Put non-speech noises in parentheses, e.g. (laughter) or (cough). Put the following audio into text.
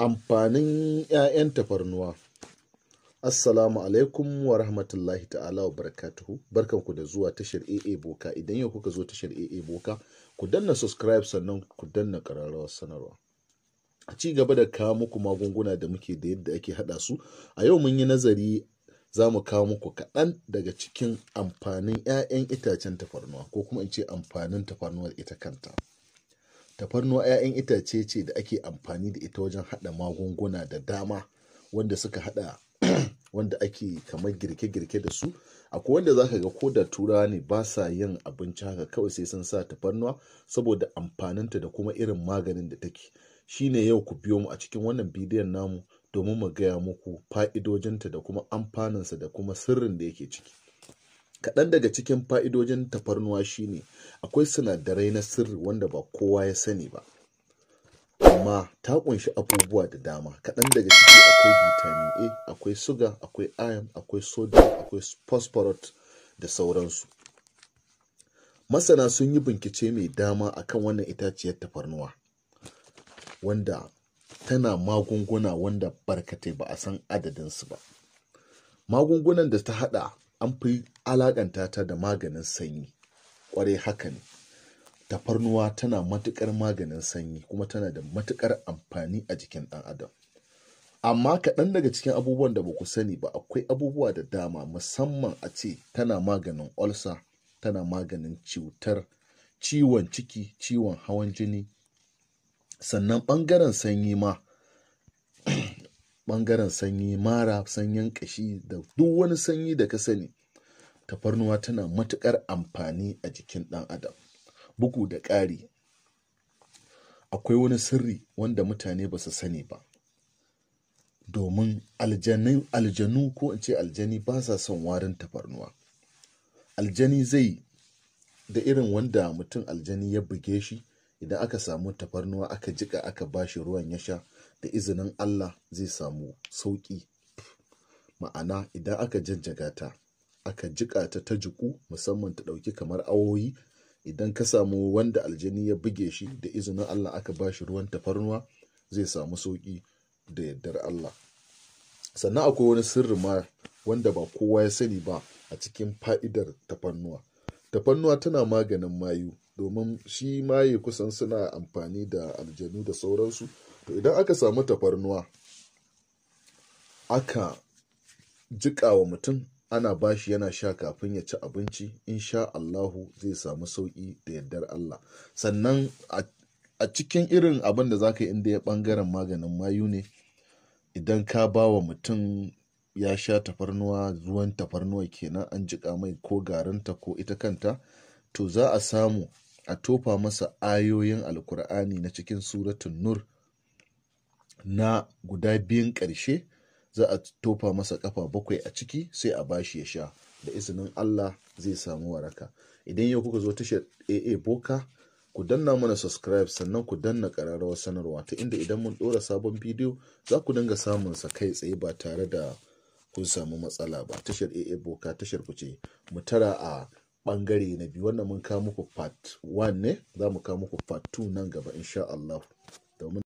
amfanin 'ya'yan tafarnuwa assalamu alaikum wa rahmatullahi ta'ala wa barakatuhu ku da zuwa tashar aa boka idan yau kuka zo tashar aa boka ku danna subscribe sannan ku danna kararrawar sanarwa a ci gaba da kawo muku magunguna da muke da yadda ake hada su a yau mun yi nazari za mu kawo muku kaɗan daga cikin amfanin 'ya'yan itacen tafarnuwa ko kuma in ce amfanin tafarnuwar ita kanta tafarnuwa 'ya'yan itace ce da ake amfani da ita wajen hada magunguna da dama wanda suka hada (clears throat) wanda ake kamar girke-girke da su akwai wanda ka ga ko da turawa ne ba sa yin abinci haka kawai sai sun sa tafarnuwa saboda amfaninta da kuma irin maganin da take shine yau ku biyo mu a cikin wannan bidiyon namu domin mu gaya muku fa'idojinta da kuma amfaninsa da kuma sirrin da yake ciki kaɗan daga cikin fa'idojin tafarnuwa shine akwai sinadarai na sirri wanda ba kowa ya sani ba amma ta ƙunshi abubuwa da dama kaɗan daga ciki akwai vitamin a akwai suga akwai iron akwai sodium akwai phosphorus da sauransu masana sun yi bincike mai dama akan wannan itaciyar tafarnuwa wanda tana magunguna wanda barkatai ba a san adadinsu ba magungunan da ta hada an fi alaƙanta ta da maganin sanyi ƙwarai haka ne tafarnuwa tana matuƙar maganin sanyi kuma tana da matuƙar amfani a jikin ɗan adam amma kaɗan daga cikin abubuwan da ba ku sani ba akwai abubuwa da dama musamman a ce tana maganin olsa tana maganin cutar ciwon ciki ciwon hawan jini sannan ɓangaren sanyi ma ɓangaren sanyi mara sanyin ƙashi da duk wani sanyi da ka sani tafarnuwa tana matuƙar amfani a jikin ɗan adam bugu da ƙari akwai wani sirri wanda mutane ba su sani ba domin aljanu ko in ce aljani ba sa son warin tafarnuwa aljani zai da irin wanda mutum aljani ya buge shi idan aka samu tafarnuwa aka jika aka bashi ruwan ya sha da izinin Allah zai samu sauƙi ma'ana idan aka jajjaga ta aka jika ta ta jiku musamman ta ɗauki kamar awoyi idan ka samu wanda aljani ya buge shi da izinin Allah aka bashi ruwan tafarnuwa zai samu sauƙi da yardar Allah sannan akwai wani sirri ma wanda ba kowa ya sani ba a cikin fa'idar tafarnuwa tafarnuwa tana maganin mayu domin shi maye kusan suna amfani da aljanu da sauransu to idan aka samu tafarnuwa aka wa mutum ana bashi yana sha kafin ya ci abinci insha Allahu zai samu sauki da yardar Allah sannan a cikin irin abin da zaka yi inda ya ɓangaren maganin mayu ne idan ka ba wa mutum ya sha tafarnuwa zuwan tafarnuwa kenan an jiƙa mai ko garinta ko ita kanta to za a samu a tofa masa ayoyin alkur'ani na cikin suratun nur na guda biyun ƙarshe za a tofa masa kafa bakwai a ciki sai a bashi ya sha da izinin Allah zai samu waraka idan yau kuka zo tashar AA Boka ku danna mana subscribe sannan ku danna ƙararrawar sanarwa ta inda idan mun ɗora sabon bidiyo za ku dinga samun sa kai tsaye ba tare da kun samu matsala ba tashar AA Boka tashar ku ce mu tara a ɓangare na biyu wannan mun kawo muku part 1 ne za mu kawo muku part 2 nan gaba insha Allah domin